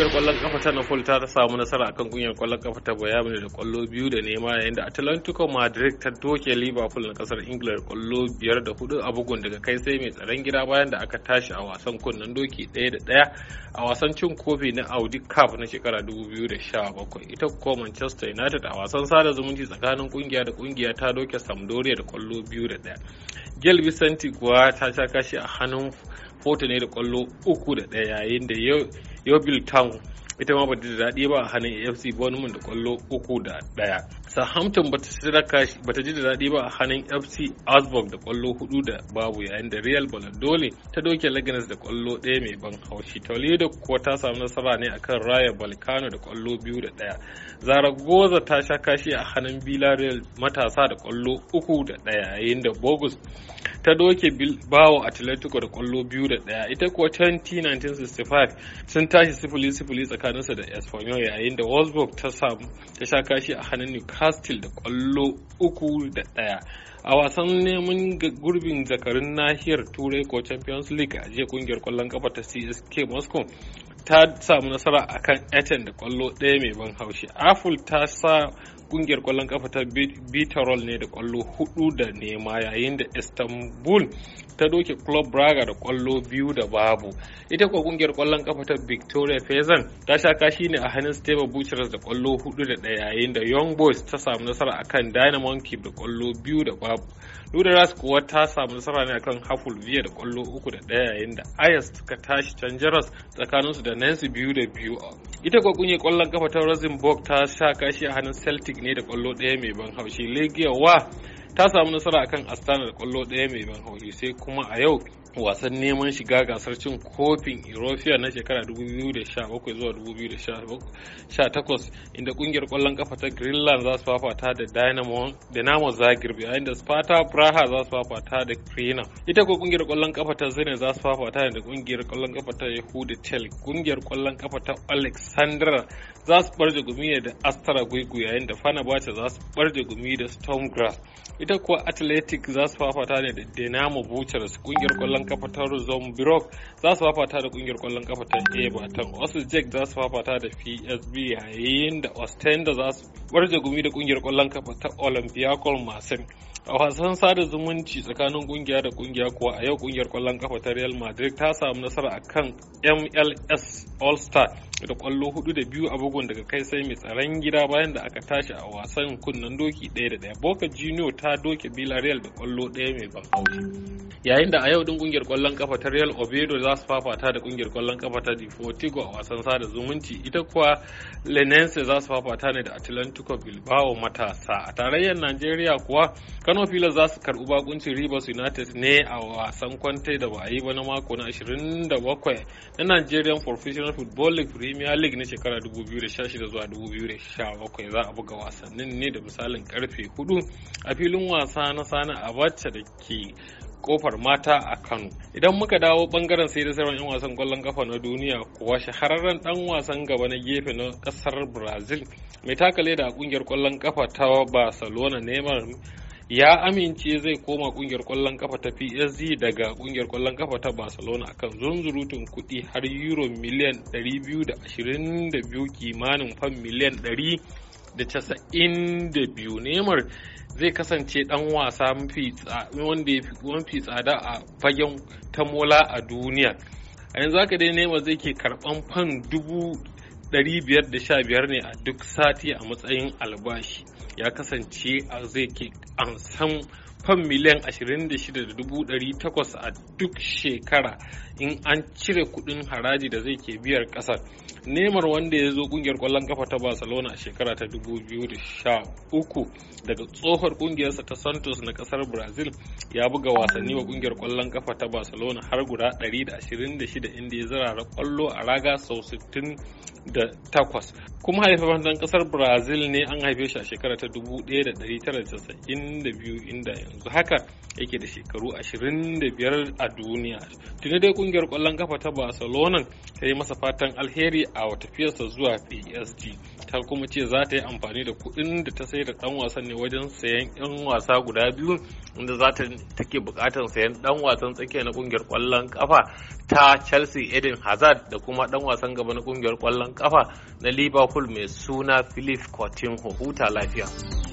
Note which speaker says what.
Speaker 1: kungiyar kwallon kafa ta Napoli ta samu nasara akan kungiyar kwallon kafa ta Bayern da kwallo biyu da nema yayin da Atlantico Madrid ta doke Liverpool na kasar Ingila da kwallo biyar da hudu a bugun daga kai sai mai tsaron gida bayan da aka tashi a wasan kunnen doki daya da daya a wasan cin kofi na Audi Cup na shekara 2017 ita ko Manchester United a wasan sada zumunci tsakanin kungiya da kungiya ta doke Sampdoria da kwallo biyu da daya Gel Santi kuwa ta sha kashi a hannun Porto ne da kwallo uku da ɗaya yayin da Yobil Town ita ma ba da daɗi ba a hannun AFC Bournemouth da kwallo uku da ɗaya. Southampton bata siraka bata ji da daɗi ba a hannun FC Augsburg da kwallo hudu da babu yayin da Real dole ta doke Leganes da kwallo ɗaya mai ban haushi. Toledo kuwa ta samu nasara ne akan Raya Balkano da kwallo biyu da ɗaya. Zaragoza ta sha kashi a hannun Villarreal matasa da kwallo uku da ɗaya yayin da Bogus ta doke Bilbao Atletico da kwallo biyu da ɗaya. Ita kuwa t 1965 sun tashi sifili sifili tsakaninsa da Espanyol yayin da Wolfsburg ta samu ta sha kashi a hannun Newcastle newcastle da kwallo uku da ɗaya a wasan neman gurbin zakarin nahiyar turai ko champions league a jiya kungiyar kwallon kafa ta csk moscow ta samu nasara akan Eton da kwallo ɗaya mai ban haushi. Apple ta sa kungiyar kwallon kafa ta Bitarol ne da kwallo hudu da nema yayin da Istanbul ta doke Club Braga da kwallo biyu da babu. Ita kuwa kungiyar kwallon kafa ta Victoria pezan ta sha kashi ne a hannun steve Butchers da kwallo hudu da ɗaya yayin da Young Boys ta samu nasara akan Dynamo keep da kwallo biyu da babu. Ludaras kuwa ta samu nasara ne akan Haful Viya da kwallo uku da ɗaya yayin da Ayas suka tashi canjaras tsakanin tsakaninsu da da Nancy biyu da biyu ita kwa kunye kwallon kafa ta Rosenborg ta sha kashi a hannun Celtic ne da kwallo ɗaya mai ban haushi Legia wa ta samu nasara akan astana da kwallo ɗaya mai ban hauri sai kuma a yau wasan neman shiga gasar cin kofin European na shekara 2017 zuwa 2018 inda kungiyar kwallon kafa ta Greenland za su fafata da Dynamo Dinamo Zagreb yayin da Sparta Praha za su fafata da Krina ita ko kungiyar kwallon kafa ta zane za su fafata da kungiyar kwallon kafa ta Yehuda Tel kungiyar kwallon kafa ta Alexandra za su barje gumi da Astara Guigu yayin da fana bace za su barje gumi da Stormgrass ita kuwa atletic za su fafata ne da dinamo bucharest kungiyar kwallon kafa ta rizom birok za su fafata da kungiyar kwallon kafa ta everton jack za su fafata da psb yayin da ostenda za su warje gumi da kungiyar kwallon kafa ta Olympiakon masin a wasan sada zumunci tsakanin kungiya da kungiya kuwa a yau kungiyar kwallon kafa ta real madrid ta samu nasara akan mls all star da kwallo hudu da biyu a bugun daga kai sai mai tsaron gida bayan da aka tashi a wasan kunnen doki ɗaya da ɗaya boca junior ta doke villarreal da kwallo ɗaya mai ban haushi yayin da a yau din kungiyar kwallon kafa ta real obedo za su fafata da kungiyar kwallon kafa ta deportivo a wasan sada zumunci ita kuwa lenense za su fafata ne da atlantico bilbao matasa a tarayyar nigeria kuwa kano filas za su karɓi bakuncin rivers united ne a wasan kwante da ba a yi ba na mako na 27 na nigerian professional football league premier league na shekara 2016 zuwa 2017 za a buga wasannin ne da misalin karfe 4 a filin wasa na sani abacha da ke kofar mata a kano idan muka dawo bangaren sai da sauran 'yan wasan kwallon kafa na duniya kuwa shahararren dan wasan gaba na gefe na kasar brazil mai takale da kungiyar kwallon kafa ta barcelona neymar ya amince zai koma kungiyar kwallon kafa ta PSG daga kungiyar kwallon kafa ta Barcelona akan zunzurutun kuɗi har euro miliyan 222 kimanin fan miliyan 192 Neymar zai kasance dan wasa wanda ya fi tsada a fagen tamola a duniya a yanzu haka dai Neymar zai ke karban fan dubu 515 ne a duk sati a matsayin albashi ya kasance a zai ke ansan fan miliyan 26,800 a duk shekara in an cire kudin haraji da zai ke biyar kasar neman wanda ya zo kungiyar kwallon kafa ta barcelona a shekara ta 2013 daga tsohon kungiyarsa ta santos na kasar brazil ya buga wasanni wa kungiyar kwallon kafa ta barcelona har guda 126 inda ya zarara kwallo a raga sau da takwas kuma haifafen dan kasar brazil ne an haife shi a shekara ta 1992 inda yanzu haka yake da shekaru 25 a duniya tuni dai kungiyar kwallon kafa ta barcelona ta yi masa fatan alheri a tafiyarsa zuwa psg ta kuma ce za ta yi amfani da kuɗin da ta sai da ɗan wasan ne wajen sayan 'yan wasa guda biyu inda za ta take buƙatar sayan ɗan wasan tsakiya na ƙungiyar ƙwallon ƙafa ta Chelsea Eden Hazard da kuma ɗan wasan gaba na ƙungiyar ƙwallon ƙafa na Liverpool mai suna Philip Coutinho huta lafiya.